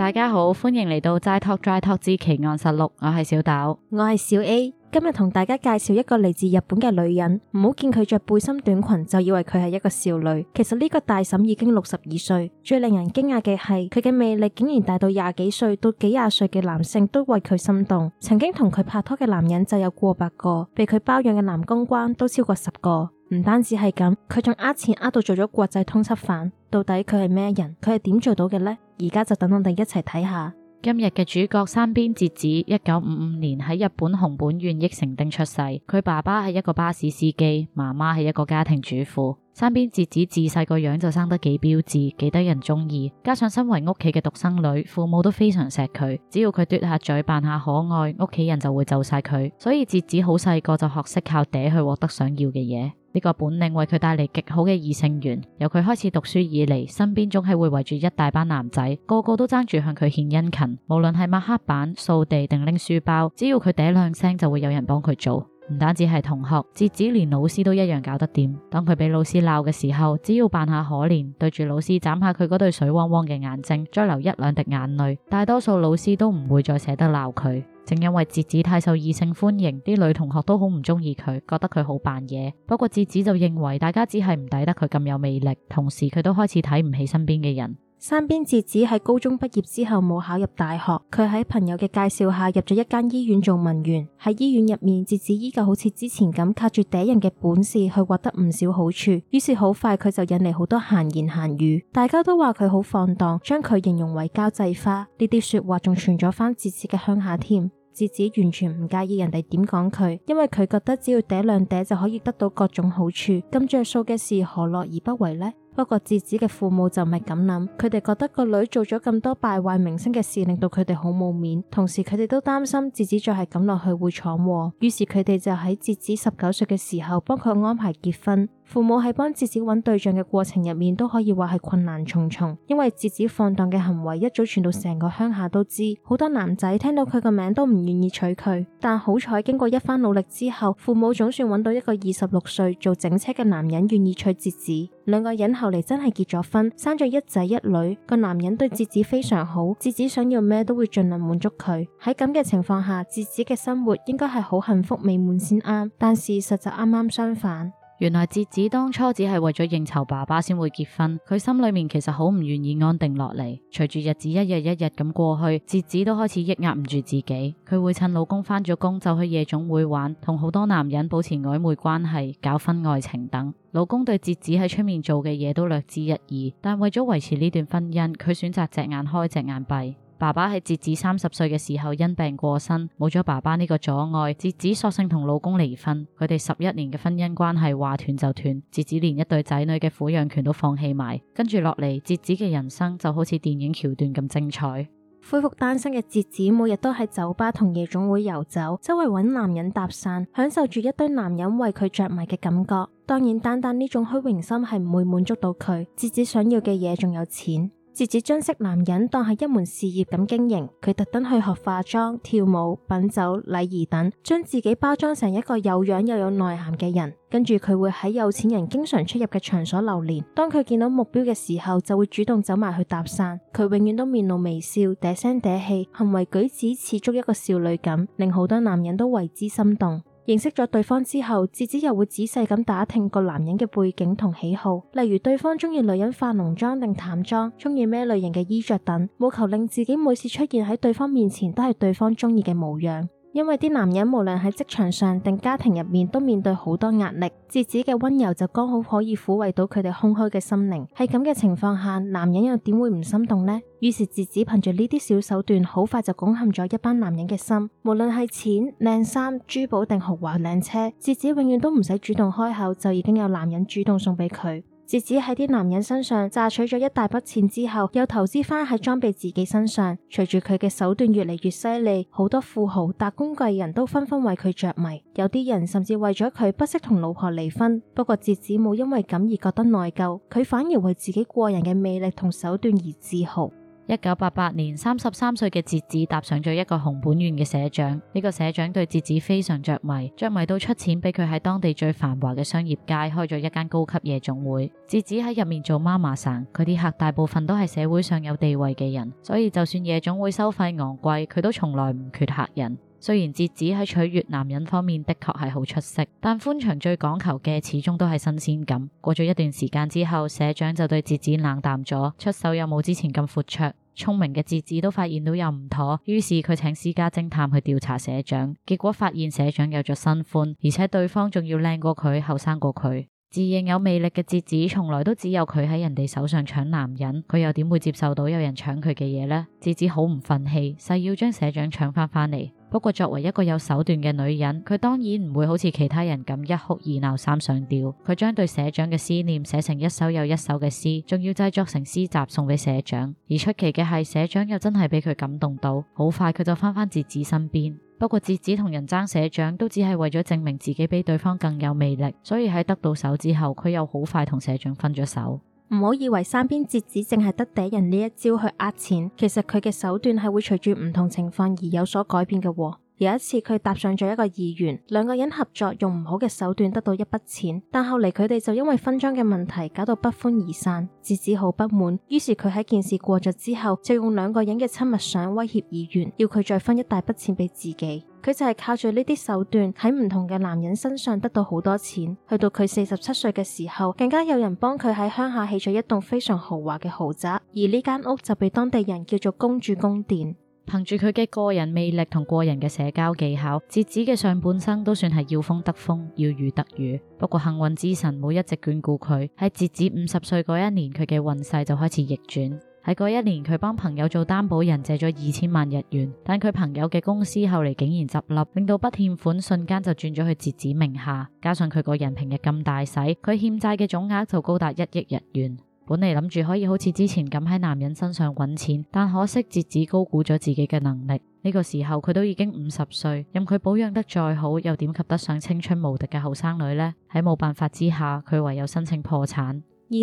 大家好，歡迎嚟到齋 talk dry talk 之奇案實錄，我係小豆，我係小 A，今日同大家介紹一個嚟自日本嘅女人，唔好見佢着背心短裙就以為佢係一個少女，其實呢個大嬸已經六十二歲，最令人驚訝嘅係佢嘅魅力竟然大到廿幾歲到幾廿歲嘅男性都為佢心動，曾經同佢拍拖嘅男人就有過百個，被佢包養嘅男公關都超過十個。唔單止係咁，佢仲呃錢呃到做咗國際通緝犯。到底佢係咩人？佢係點做到嘅呢？而家就等我哋一齊睇下今日嘅主角山邊節子。一九五五年喺日本熊本縣益城町出世，佢爸爸係一個巴士司機，媽媽係一個家庭主婦。山邊節子自細個樣就生得幾標緻，幾得人中意。加上身為屋企嘅獨生女，父母都非常錫佢。只要佢嘟下嘴扮下可愛，屋企人就會就晒佢。所以節子好細個就學識靠嗲去獲得想要嘅嘢。呢個本領為佢帶嚟極好嘅異性緣。由佢開始讀書以嚟，身邊總係會圍住一大班男仔，個個都爭住向佢獻殷勤。無論係抹黑板、掃地定拎書包，只要佢嗲兩聲，就會有人幫佢做。唔單止係同學，甚至連老師都一樣搞得掂。當佢俾老師鬧嘅時候，只要扮下可憐，對住老師眨下佢嗰對水汪汪嘅眼睛，再流一兩滴眼淚，大多數老師都唔會再捨得鬧佢。正因為節子太受異性歡迎，啲女同學都好唔中意佢，覺得佢好扮嘢。不過節子就認為大家只係唔抵得佢咁有魅力，同時佢都開始睇唔起身邊嘅人。山邊節子喺高中畢業之後冇考入大學，佢喺朋友嘅介紹下入咗一間醫院做文員。喺醫院入面，節子依舊好似之前咁，靠住嗲人嘅本事去獲得唔少好處。於是好快佢就引嚟好多閒言閒語，大家都話佢好放蕩，將佢形容為交際花。呢啲說話仲傳咗返節子嘅鄉下添。哲子完全唔介意人哋點講佢，因為佢覺得只要嗲兩嗲就可以得到各種好處，咁着數嘅事何樂而不為呢？不過哲子嘅父母就唔係咁諗，佢哋覺得個女做咗咁多敗壞明星嘅事，令到佢哋好冇面，同時佢哋都擔心哲子再係咁落去會闖禍，於是佢哋就喺哲子十九歲嘅時候幫佢安排結婚。父母喺幫節子揾對象嘅過程入面都可以話係困難重重，因為節子放蕩嘅行為一早傳到成個鄉下都知，好多男仔聽到佢個名都唔願意娶佢。但好彩經過一番努力之後，父母總算揾到一個二十六歲做整車嘅男人願意娶節子。兩個人後嚟真係結咗婚，生咗一仔一女。個男人對節子非常好，節子想要咩都會盡量滿足佢。喺咁嘅情況下，節子嘅生活應該係好幸福美滿先啱，但事實就啱啱相反。原來節子當初只係為咗應酬爸爸先會結婚，佢心裏面其實好唔願意安定落嚟。隨住日子一日一日咁過去，節子都開始抑壓唔住自己，佢會趁老公返咗工就去夜總會玩，同好多男人保持曖昧關係，搞婚外情等。老公對節子喺出面做嘅嘢都略知一二，但為咗維持呢段婚姻，佢選擇隻眼開隻眼閉。爸爸喺節子三十歲嘅時候因病過身，冇咗爸爸呢個阻礙，節子索性同老公離婚。佢哋十一年嘅婚姻關係話斷就斷，節子連一對仔女嘅撫養權都放棄埋。跟住落嚟，節子嘅人生就好似電影橋段咁精彩。恢復單身嘅節子每日都喺酒吧同夜總會游走，周圍揾男人搭訕，享受住一堆男人為佢着迷嘅感覺。當然，單單呢種虛榮心係唔會滿足到佢。節子想要嘅嘢仲有錢。直接將識男人當係一門事業咁經營，佢特登去學化妝、跳舞、品酒、禮儀等，將自己包裝成一個有樣又有內涵嘅人。跟住佢會喺有錢人經常出入嘅場所流連，當佢見到目標嘅時候，就會主動走埋去搭訕。佢永遠都面露微笑，嗲聲嗲氣，行為舉止似足一個少女咁，令好多男人都為之心動。認識咗對方之後，節子又會仔細咁打聽個男人嘅背景同喜好，例如對方中意女人化濃妝定淡妝，中意咩類型嘅衣着等，務求令自己每次出現喺對方面前都係對方中意嘅模樣。因為啲男人無論喺職場上定家庭入面都面對好多壓力，節子嘅温柔就剛好可以撫慰到佢哋空虛嘅心靈。喺咁嘅情況下，男人又點會唔心動呢？於是節子憑住呢啲小手段，好快就攻陷咗一班男人嘅心。無論係錢、靚衫、珠寶定豪華靚車，節子永遠都唔使主動開口，就已經有男人主動送俾佢。節子喺啲男人身上榨取咗一大筆錢之後，又投資翻喺裝備自己身上。隨住佢嘅手段越嚟越犀利，好多富豪達官貴人都紛紛為佢着迷。有啲人甚至為咗佢不惜同老婆離婚。不過節子冇因為咁而覺得內疚，佢反而為自己過人嘅魅力同手段而自豪。一九八八年，三十三歲嘅節子搭上咗一個熊本縣嘅社長。呢個社長對節子非常着迷，着迷到出錢俾佢喺當地最繁華嘅商業街開咗一間高級夜總會。節子喺入面做媽媽桑，佢啲客大部分都係社會上有地位嘅人，所以就算夜總會收費昂貴，佢都從來唔缺客人。雖然節子喺取悅男人方面的確係好出色，但歡場最講求嘅始終都係新鮮感。過咗一段時間之後，社長就對節子冷淡咗，出手又冇之前咁闊綽。聰明嘅節子都發現到有唔妥，於是佢請私家偵探去調查社長，結果發現社長有咗新歡，而且對方仲要靚過佢，後生過佢。自認有魅力嘅節子從來都只有佢喺人哋手上搶男人，佢又點會接受到有人搶佢嘅嘢呢？節子好唔忿氣，誓要將社長搶翻翻嚟。不過作為一個有手段嘅女人，佢當然唔會好似其他人咁一,一哭二鬧三上吊。佢將對社長嘅思念寫成一首又一首嘅詩，仲要製作成詩集送俾社長。而出奇嘅係，社長又真係俾佢感動到，好快佢就返返節子身邊。不過節子同人爭社長都只係為咗證明自己比對方更有魅力，所以喺得到手之後，佢又好快同社長分咗手。唔好以為山邊節子淨係得嗲人呢一招去呃錢，其實佢嘅手段係會隨住唔同情況而有所改變㗎喎。有一次佢搭上咗一個議員，兩個人合作用唔好嘅手段得到一筆錢，但後嚟佢哋就因為分贓嘅問題搞到不歡而散。節子好不滿，於是佢喺件事過咗之後就用兩個人嘅親密相威脅議員，要佢再分一大筆錢俾自己。佢就係靠住呢啲手段喺唔同嘅男人身上得到好多錢。去到佢四十七歲嘅時候，更加有人幫佢喺鄉下起咗一棟非常豪華嘅豪宅，而呢間屋就被當地人叫做公主宮殿。憑住佢嘅個人魅力同過人嘅社交技巧，節子嘅上半生都算係要風得風，要雨得雨。不過幸運之神冇一直眷顧佢，喺節子五十歲嗰一年，佢嘅運勢就開始逆轉。喺嗰一年，佢幫朋友做擔保人借咗二千萬日元，但佢朋友嘅公司後嚟竟然執笠，令到筆欠款瞬間就轉咗去節子名下。加上佢個人平日咁大使，佢欠債嘅總額就高達一億日元。本嚟諗住可以好似之前咁喺男人身上揾錢，但可惜節子高估咗自己嘅能力。呢個時候，佢都已經五十歲，任佢保養得再好，又點及得上青春無敵嘅後生女呢？喺冇辦法之下，佢唯有申請破產。二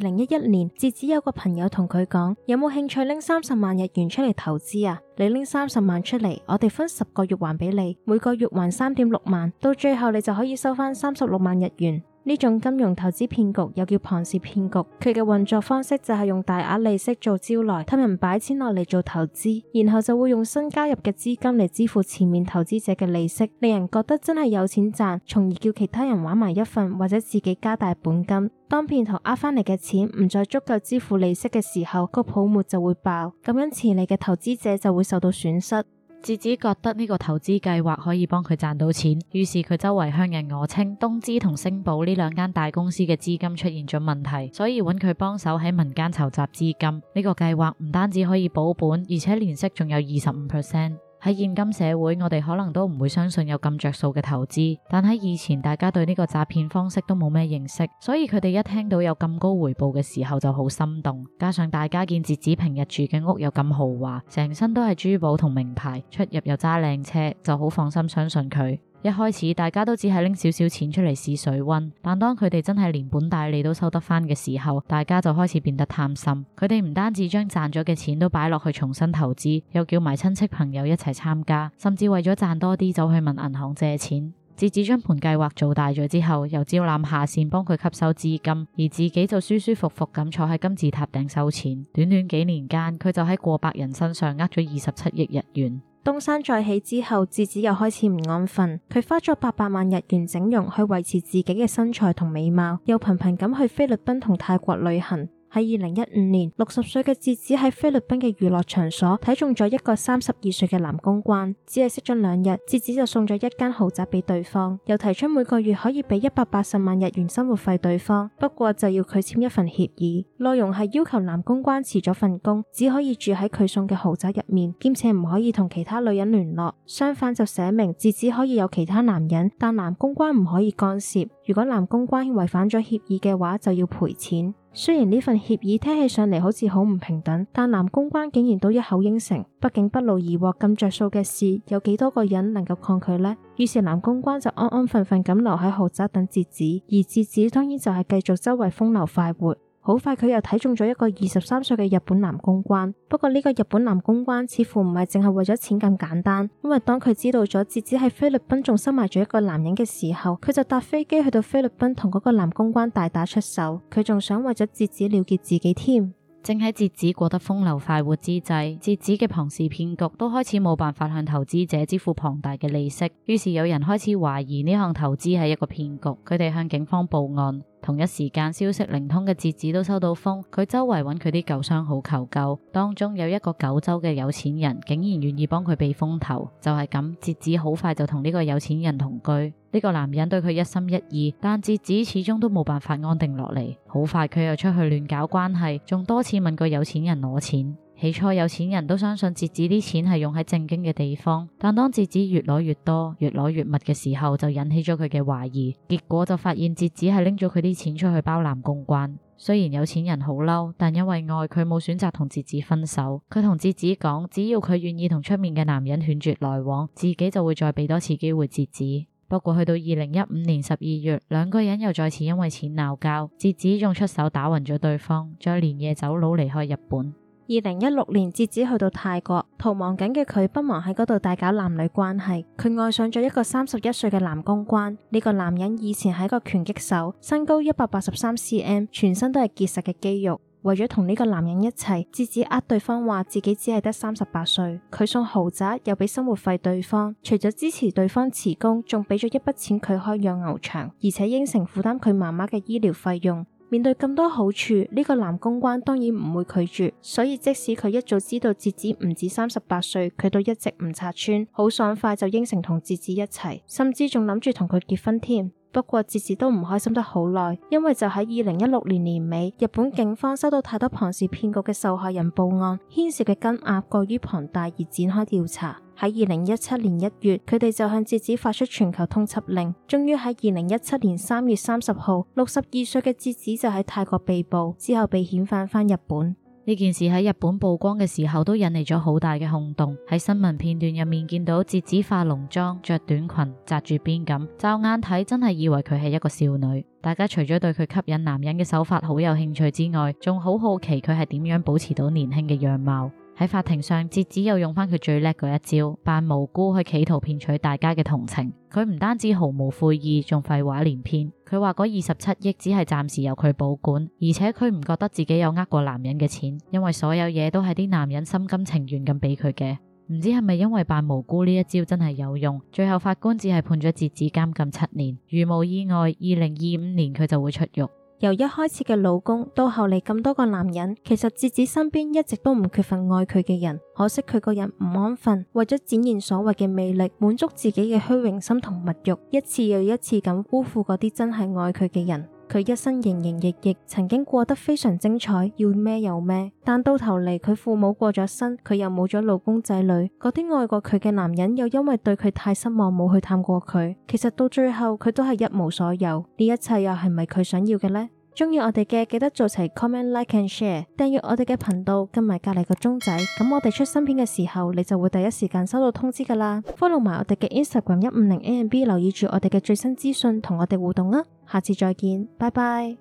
零一一年，節子有個朋友同佢講：有冇興趣拎三十萬日元出嚟投資啊？你拎三十萬出嚟，我哋分十個月還俾你，每個月還三點六萬，到最後你就可以收翻三十六萬日元。呢種金融投資騙局又叫龐氏騙局，佢嘅運作方式就係用大額利息做招來，氹人擺錢落嚟做投資，然後就會用新加入嘅資金嚟支付前面投資者嘅利息，令人覺得真係有錢賺，從而叫其他人玩埋一份或者自己加大本金。當騙徒呃返嚟嘅錢唔再足夠支付利息嘅時候，個泡沫就會爆，咁樣遲嚟嘅投資者就會受到損失。節子覺得呢個投資計劃可以幫佢賺到錢，於是佢周圍向人訛稱東芝同星寶呢兩間大公司嘅資金出現咗問題，所以揾佢幫手喺民間籌集資金。呢、這個計劃唔單止可以保本，而且年息仲有二十五 percent。喺現今社會，我哋可能都唔會相信有咁着數嘅投資，但喺以前，大家對呢個詐騙方式都冇咩認識，所以佢哋一聽到有咁高回報嘅時候就好心動，加上大家見節子平日住嘅屋又咁豪華，成身都係珠寶同名牌，出入又揸靚車，就好放心相信佢。一開始大家都只係拎少少錢出嚟試水溫，但當佢哋真係連本帶利都收得翻嘅時候，大家就開始變得貪心。佢哋唔單止將賺咗嘅錢都擺落去重新投資，又叫埋親戚朋友一齊參加，甚至為咗賺多啲走去問銀行借錢。截止將盤計劃做大咗之後，又招攬下綫幫佢吸收資金，而自己就舒舒服服咁坐喺金字塔頂收錢。短短幾年間，佢就喺過百人身上呃咗二十七億日元。東山再起之後，節子又開始唔安分。佢花咗八百萬日元整容，去維持自己嘅身材同美貌，又頻頻咁去菲律賓同泰國旅行。喺二零一五年，六十歲嘅節子喺菲律賓嘅娛樂場所睇中咗一個三十二歲嘅男公關，只係識咗兩日，節子就送咗一間豪宅俾對方，又提出每個月可以俾一百八十萬日元生活費對方，不過就要佢簽一份協議，內容係要求男公關辭咗份工，只可以住喺佢送嘅豪宅入面，兼且唔可以同其他女人聯絡。相反就寫明節子可以有其他男人，但男公關唔可以干涉。如果男公關違反咗協議嘅話，就要賠錢。雖然呢份協議聽起上嚟，好似好唔平等，但男公關竟然都一口應承，畢竟不勞而獲咁着數嘅事，有幾多個人能夠抗拒呢？於是男公關就安安分分咁留喺豪宅等節子，而節子當然就係繼續周圍風流快活。好快佢又睇中咗一個二十三歲嘅日本男公關，不過呢個日本男公關似乎唔係淨係為咗錢咁簡單，因為當佢知道咗節子喺菲律賓仲收埋咗一個男人嘅時候，佢就搭飛機去到菲律賓同嗰個男公關大打出手，佢仲想為咗節子了結自己添。正喺節子過得風流快活之際，節子嘅龐氏騙局都開始冇辦法向投資者支付龐大嘅利息，於是有人開始懷疑呢項投資係一個騙局，佢哋向警方報案。同一時間，消息靈通嘅節子都收到風，佢周圍揾佢啲舊相好，求救，當中有一個九州嘅有錢人，竟然願意幫佢避風頭，就係、是、咁，節子好快就同呢個有錢人同居。呢、這個男人對佢一心一意，但節子始終都冇辦法安定落嚟。好快佢又出去亂搞關係，仲多次問個有錢人攞錢。起初有錢人都相信節子啲錢係用喺正經嘅地方，但當節子越攞越多，越攞越密嘅時候，就引起咗佢嘅懷疑。結果就發現節子係拎咗佢啲錢出去包養公關。雖然有錢人好嬲，但因為愛佢，冇選擇同節子分手。佢同節子講，只要佢願意同出面嘅男人斷絕來往，自己就會再俾多次機會節子。不過去到二零一五年十二月，兩個人又再次因為錢鬧交，節子仲出手打暈咗對方，再連夜走佬離開日本。二零一六年，節子去到泰國，逃亡緊嘅佢，不忘喺嗰度大搞男女關係。佢愛上咗一個三十一歲嘅男公關。呢個男人以前係一個拳擊手，身高一百八十三 cm，全身都係結實嘅肌肉。為咗同呢個男人一齊，節子呃對方話自己只係得三十八歲。佢送豪宅，又俾生活費對方，除咗支持對方辭工，仲俾咗一筆錢佢開養牛場，而且應承負擔佢媽媽嘅醫療費用。面對咁多好處，呢、這個男公關當然唔會拒絕，所以即使佢一早知道節子唔止三十八歲，佢都一直唔拆穿，好爽快就應承同節子一齊，甚至仲諗住同佢結婚添。不過，節子都唔開心得好耐，因為就喺二零一六年年尾，日本警方收到太多龐氏騙局嘅受害人報案，牽涉嘅金額過於龐大而展開調查。喺二零一七年一月，佢哋就向節子發出全球通緝令。終於喺二零一七年三月三十號，六十二歲嘅節子就喺泰國被捕，之後被遣返返日本。呢件事喺日本曝光嘅時候，都引嚟咗好大嘅轟動。喺新聞片段入面見到節子化濃妝、着短裙、紮住辮咁，驟眼睇真係以為佢係一個少女。大家除咗對佢吸引男人嘅手法好有興趣之外，仲好好奇佢係點樣保持到年輕嘅樣貌。喺法庭上，節子又用翻佢最叻嗰一招，扮無辜去企圖騙取大家嘅同情。佢唔單止毫無悔意，仲廢話連篇。佢話嗰二十七億只係暫時由佢保管，而且佢唔覺得自己有呃過男人嘅錢，因為所有嘢都係啲男人心甘情願咁俾佢嘅。唔知係咪因為扮無辜呢一招真係有用？最後法官只係判咗節子監禁七年，如無意外，二零二五年佢就會出獄。由一開始嘅老公到後嚟咁多個男人，其實節子身邊一直都唔缺乏愛佢嘅人，可惜佢個人唔安分，為咗展現所謂嘅魅力，滿足自己嘅虛榮心同物欲，一次又一次咁辜負嗰啲真係愛佢嘅人。佢一生營營役役，曾經過得非常精彩，要咩有咩。但到頭嚟，佢父母過咗身，佢又冇咗老公仔女，嗰啲愛過佢嘅男人又因為對佢太失望，冇去探過佢。其實到最後，佢都係一無所有。呢一切又係咪佢想要嘅呢？中意我哋嘅記得做齊 comment、like and share，訂閱我哋嘅頻道，跟埋隔籬個鐘仔，咁我哋出新片嘅時候，你就會第一時間收到通知噶啦。Follow 埋我哋嘅 Instagram 一五零 a m b，留意住我哋嘅最新資訊，同我哋互動啦。下次再見，拜拜。